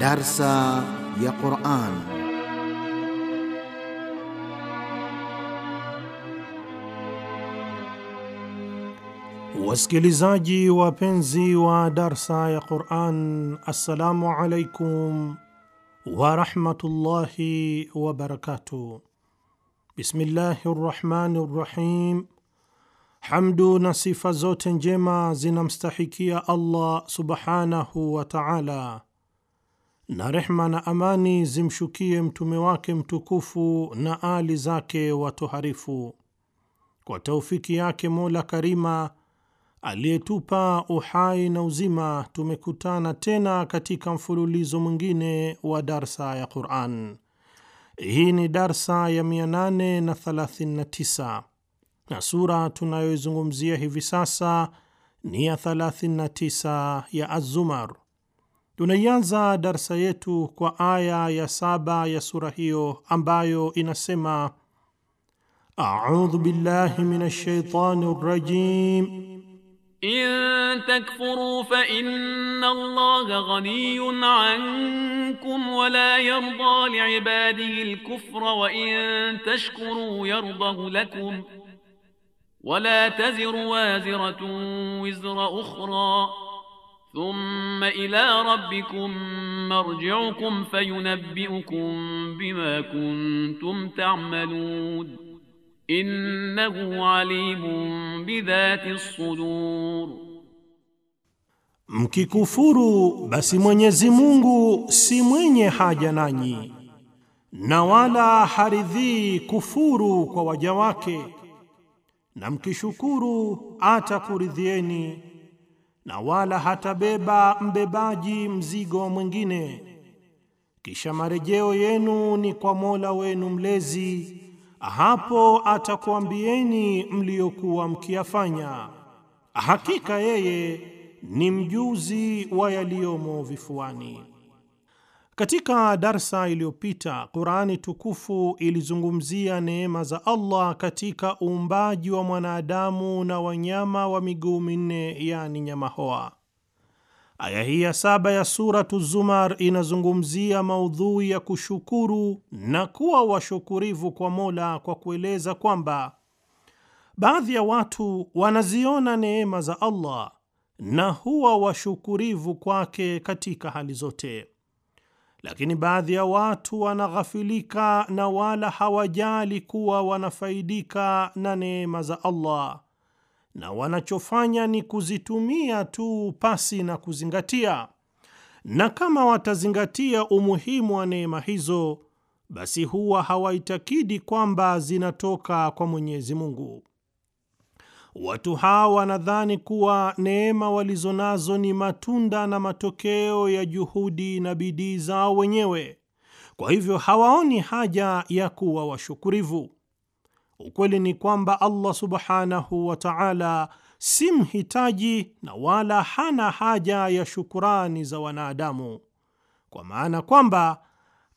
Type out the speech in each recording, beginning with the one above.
درس يا قرآن wasikilizaji wapenzi wa darsa ya Qur'an, assalamu alaikum warahmatullahi wabarakatuh. Bismillahi rahmani rrahim. Hamdu na sifa zote njema zinamstahikia Allah subhanahu wa taala, na rehma na amani zimshukie mtume wake mtukufu na ali zake watoharifu. Kwa taufiki yake mola karima aliyetupa uhai na uzima, tumekutana tena katika mfululizo mwingine wa darsa ya Quran. Hii ni darsa ya 839 na sura tunayoizungumzia hivi sasa ni ya 39 ya Az-Zumar. Tunaianza darsa yetu kwa aya ya saba ya sura hiyo ambayo inasema: audhu billahi minash shaitani rajim إن تكفروا فإن الله غني عنكم ولا يرضى لعباده الكفر وإن تشكروا يرضه لكم ولا تزر وازرة وزر أخرى ثم إلى ربكم مرجعكم فينبئكم بما كنتم تعملون innahu alimun bidhati sudur, mkikufuru basi Mwenyezi Mungu si mwenye haja nanyi na wala haridhii kufuru kwa waja wake, na mkishukuru atakuridhieni, na wala hatabeba mbebaji mzigo mwingine. Kisha marejeo yenu ni kwa Mola wenu mlezi hapo atakuambieni mliokuwa mkiyafanya. Hakika yeye ni mjuzi wa yaliyomo vifuani. Katika darsa iliyopita, Qurani tukufu ilizungumzia neema za Allah katika uumbaji wa mwanadamu na wanyama wa miguu minne, yani nyamahoa. Aya hii ya saba ya Suratu Zumar inazungumzia maudhui ya kushukuru na kuwa washukurivu kwa Mola kwa kueleza kwamba baadhi ya watu wanaziona neema za Allah na huwa washukurivu kwake katika hali zote, lakini baadhi ya watu wanaghafilika na wala hawajali kuwa wanafaidika na neema za Allah na wanachofanya ni kuzitumia tu pasi na kuzingatia, na kama watazingatia umuhimu wa neema hizo, basi huwa hawaitakidi kwamba zinatoka kwa Mwenyezi Mungu. Watu hawa wanadhani kuwa neema walizo nazo ni matunda na matokeo ya juhudi na bidii zao wenyewe, kwa hivyo hawaoni haja ya kuwa washukurivu. Ukweli ni kwamba Allah subhanahu wa ta'ala si mhitaji na wala hana haja ya shukurani za wanadamu, kwa maana kwamba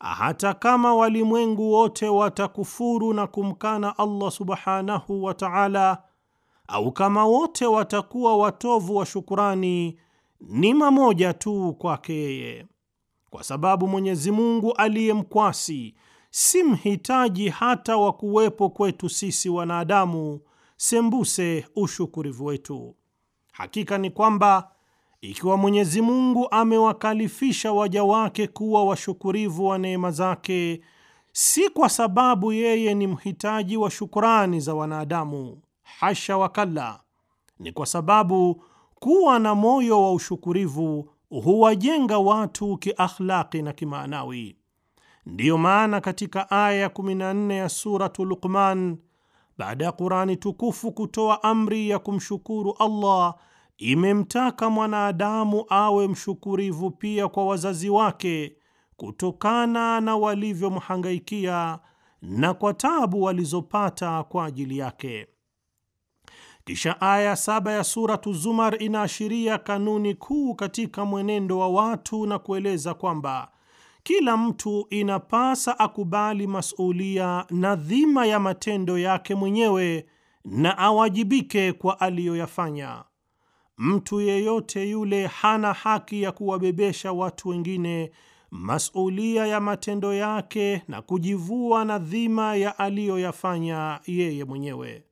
hata kama walimwengu wote watakufuru na kumkana Allah subhanahu wa ta'ala, au kama wote watakuwa watovu wa shukurani, ni mamoja tu kwake yeye, kwa sababu Mwenyezi Mungu aliyemkwasi si mhitaji hata wa kuwepo kwetu sisi wanadamu, sembuse ushukurivu wetu. Hakika ni kwamba ikiwa Mwenyezi Mungu amewakalifisha waja wake kuwa washukurivu wa neema zake, si kwa sababu yeye ni mhitaji wa shukurani za wanadamu, hasha wakalla, ni kwa sababu kuwa na moyo wa ushukurivu huwajenga watu kiakhlaki na kimaanawi. Ndiyo maana katika aya ya 14 ya Suratu Luqman, baada ya Qurani tukufu kutoa amri ya kumshukuru Allah, imemtaka mwanadamu awe mshukurivu pia kwa wazazi wake kutokana na walivyomhangaikia na kwa tabu walizopata kwa ajili yake. Kisha aya saba ya Suratu Zumar inaashiria kanuni kuu katika mwenendo wa watu na kueleza kwamba kila mtu inapasa akubali masulia na dhima ya matendo yake mwenyewe na awajibike kwa aliyoyafanya. Mtu yeyote yule hana haki ya kuwabebesha watu wengine masulia ya matendo yake na kujivua na dhima ya aliyoyafanya yeye mwenyewe.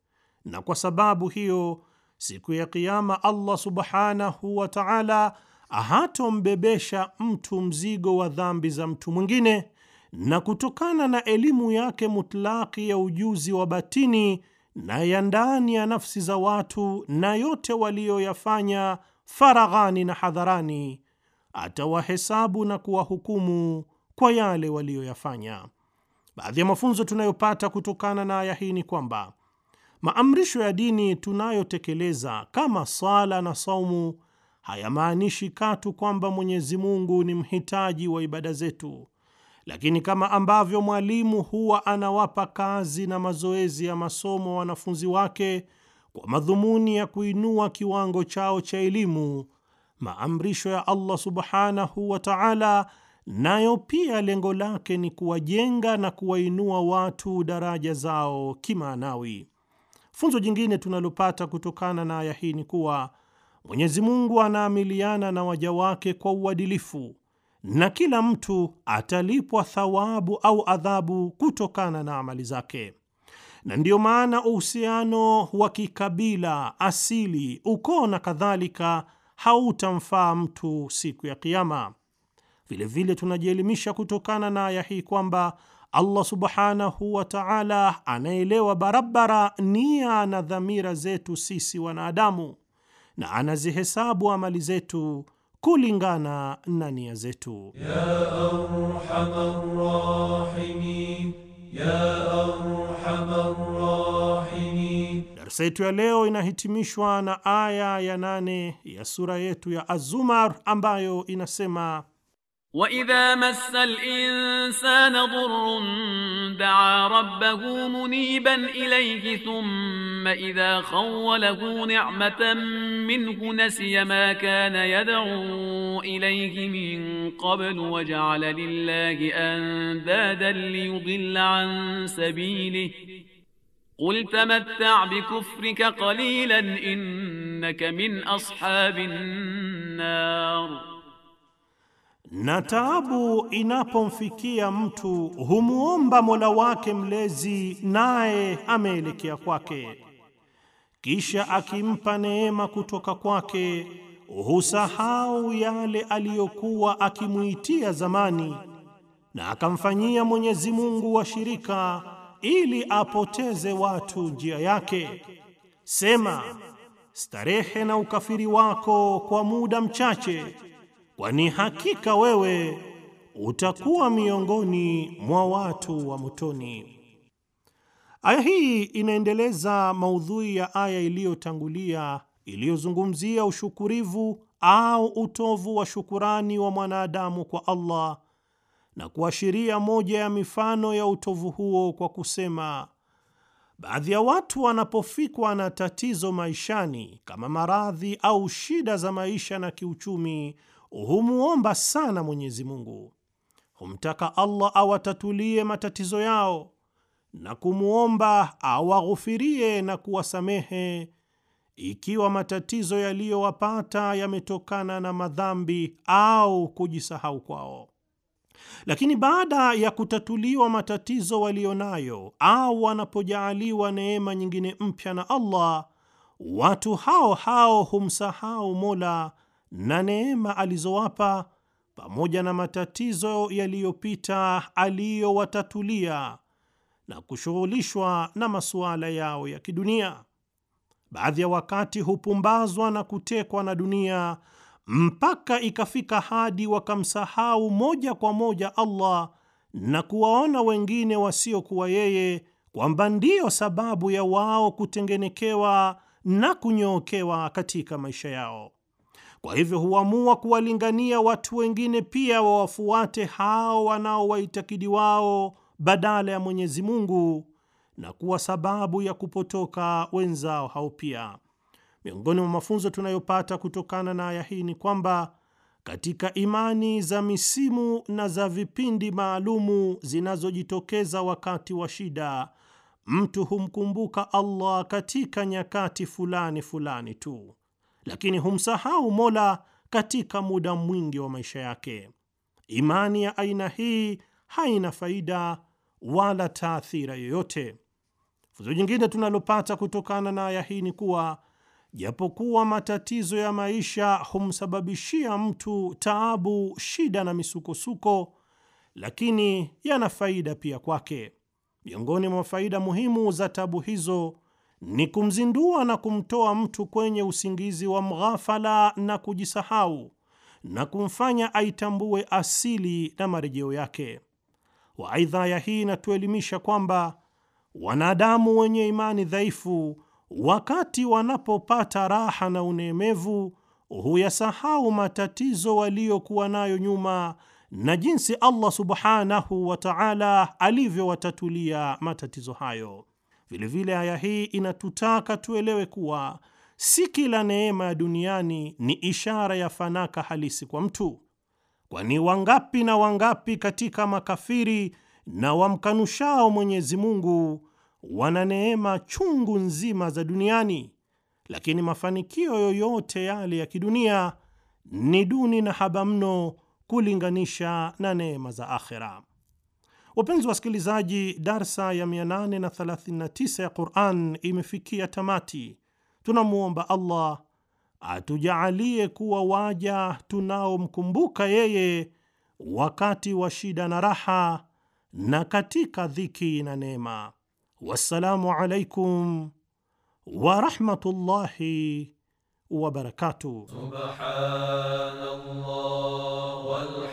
Na kwa sababu hiyo, siku ya Kiama, Allah subhanahu wa ta'ala hatombebesha mtu mzigo wa dhambi za mtu mwingine, na kutokana na elimu yake mutlaki ya ujuzi wa batini na ya ndani ya nafsi za watu na yote waliyoyafanya faraghani na hadharani, atawahesabu na kuwahukumu kwa yale waliyoyafanya. Baadhi ya mafunzo tunayopata kutokana na aya hii ni kwamba maamrisho ya dini tunayotekeleza kama sala na saumu hayamaanishi katu kwamba Mwenyezi Mungu ni mhitaji wa ibada zetu, lakini kama ambavyo mwalimu huwa anawapa kazi na mazoezi ya masomo wanafunzi wake kwa madhumuni ya kuinua kiwango chao cha elimu, maamrisho ya Allah subhanahu wa ta'ala nayo pia lengo lake ni kuwajenga na kuwainua watu daraja zao kimaanawi. Funzo jingine tunalopata kutokana na aya hii ni kuwa Mwenyezi Mungu anaamiliana na waja wake kwa uadilifu na kila mtu atalipwa thawabu au adhabu kutokana na amali zake. Na ndiyo maana uhusiano wa kikabila, asili, ukoo na kadhalika hautamfaa mtu siku ya Kiama. Vilevile tunajielimisha kutokana na aya hii kwamba Allah subhanahu wa taala anaelewa barabara nia na dhamira zetu sisi wanadamu na anazihesabu amali zetu kulingana na nia zetu. Darsa yetu ya leo inahitimishwa na aya ya nane ya sura yetu ya Azumar ambayo inasema وإذا مس الإنسان ضر دعا ربه منيبا إليه ثم إذا خوله نعمة منه نسي ما كان يدعو إليه من قبل وجعل لله أندادا ليضل عن سبيله قل تمتع بكفرك قليلا إنك من أصحاب النار na taabu inapomfikia mtu humuomba Mola wake mlezi, naye ameelekea kwake, kisha akimpa neema kutoka kwake, husahau yale aliyokuwa akimwitia zamani, na akamfanyia Mwenyezi Mungu washirika ili apoteze watu njia yake. Sema, starehe na ukafiri wako kwa muda mchache kwani hakika wewe utakuwa miongoni mwa watu wa motoni. Aya hii inaendeleza maudhui ya aya iliyotangulia iliyozungumzia ushukurivu au utovu wa shukurani wa mwanadamu kwa Allah na kuashiria moja ya mifano ya utovu huo kwa kusema, baadhi ya watu wanapofikwa na tatizo maishani kama maradhi au shida za maisha na kiuchumi humwomba sana Mwenyezi Mungu, humtaka Allah awatatulie matatizo yao na kumwomba awaghufirie na kuwasamehe ikiwa matatizo yaliyowapata yametokana na madhambi au kujisahau kwao. Lakini baada ya kutatuliwa matatizo walionayo au wanapojaaliwa neema nyingine mpya na Allah, watu hao hao humsahau Mola na neema alizowapa pamoja na matatizo yaliyopita aliyowatatulia na kushughulishwa na masuala yao ya kidunia. Baadhi ya wakati hupumbazwa na kutekwa na dunia mpaka ikafika hadi wakamsahau moja kwa moja Allah na kuwaona wengine wasiokuwa yeye kwamba ndiyo sababu ya wao kutengenekewa na kunyookewa katika maisha yao. Kwa hivyo huamua kuwalingania watu wengine pia wawafuate hao wanaowaitakidi wao badala ya Mwenyezi Mungu na kuwa sababu ya kupotoka wenzao hao pia. Miongoni mwa mafunzo tunayopata kutokana na aya hii ni kwamba katika imani za misimu na za vipindi maalumu zinazojitokeza wakati wa shida, mtu humkumbuka Allah katika nyakati fulani fulani tu lakini humsahau Mola katika muda mwingi wa maisha yake. Imani ya aina hii haina faida wala taathira yoyote. Funzo jingine tunalopata kutokana na aya hii ni kuwa japokuwa matatizo ya maisha humsababishia mtu taabu, shida na misukosuko, lakini yana faida pia kwake. Miongoni mwa faida muhimu za tabu hizo ni kumzindua na kumtoa mtu kwenye usingizi wa mghafala na kujisahau na kumfanya aitambue asili na marejeo yake. waaidha ya hii inatuelimisha kwamba wanadamu wenye imani dhaifu, wakati wanapopata raha na uneemevu, huyasahau matatizo waliyokuwa nayo nyuma na jinsi Allah subhanahu wa ta'ala alivyowatatulia matatizo hayo. Vilevile aya hii inatutaka tuelewe kuwa si kila neema ya duniani ni ishara ya fanaka halisi kwa mtu, kwani wangapi na wangapi katika makafiri na wamkanushao Mwenyezi Mungu wana neema chungu nzima za duniani, lakini mafanikio yoyote yale ya kidunia ni duni na haba mno kulinganisha na neema za akhera. Wapenzi wasikilizaji, darsa ya 839 ya Quran imefikia tamati. Tunamwomba Allah atujaalie kuwa waja tunaomkumbuka yeye wakati wa shida na raha na katika dhiki na neema. Wassalamu alaikum warahmatullahi wabarakatuh. Subhanallah.